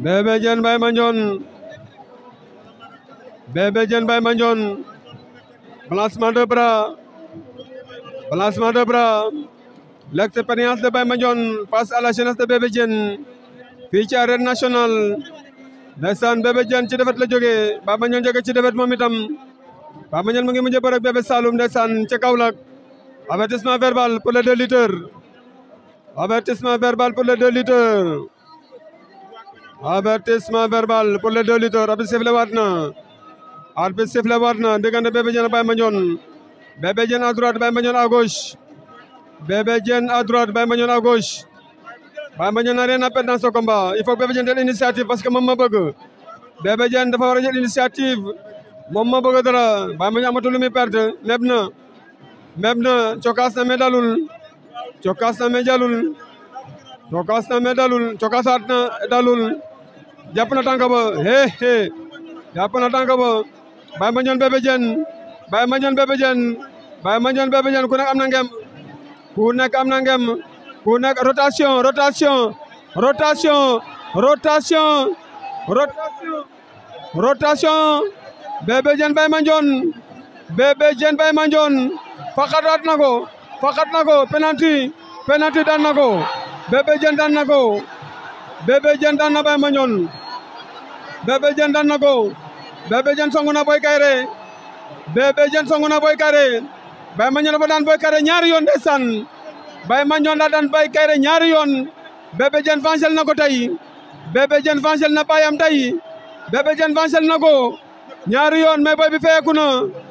Bebe Jen Bay Manjon Bebe Jen Bay Manjon balancement de bras balancement de bras l'expérience de Baye Mandione face à la jeunesse de Bebe Jen fii national arène nationale ndeysaan Bébé Diène ci defet la jógee Baye Mandione jóge ci defet moom itam Baye Mandione mu ngi mujj bëre ak Saloum avertissement verbal pour les deux avertissement verbal pour les deux lutteurs avertissement verbal pour les deux lutteurs arbitre sifflé waat na arbitre sifflé waat na diggante Bébé Diène Baye Mandione Bébé Diène à droite Baye Mandione à gauche Bébé Diène à droite Baye Mandione à gauche Baye Mandione n'a rien à perdre dans ce combat il faut que Bébé Diène jël initiative parce que moom ma bëgg Bébé Diène dafa war a jël initiative moom ma bëgg dara Baye Mandione amatul lu muy perdre meb na meb na cokaas na mais dalul cokaas na me jalul cokaas na me dalul cokaasaat na dalul jàpp na tànk ba hee hee jàpp na tànk ba Baye Mandione Bébé Diène Baye Mandione Bébé Diène Baye Mandione Bébé Diène ku nekk am na ngem ku nekk am na ngem ku nekk rotation rotation rotation rotation rotation rotation Bébé Diène Baye Mandione Bébé Diène Baye Mandione faxataat na ko faxat na ko penalty penalty daan na ko Bébé Diène daan na ko Bébé Diène daan na Baye Mandione Bébé Diène daan na ko Bébé Diène songu na Boy Kairé Bébé Diène songu na Boy Kairé Baye Mandione dafa daan Boy Kairé ñaari yoon ndeysaan Baye Mandione daa daan Boy Kairé ñaari yoon Bébé Diène vengel na ko tey Bébé Diène vengel na baayam tey Bébé Diène vengel na ko ñaari yoon mais boy bi feeku na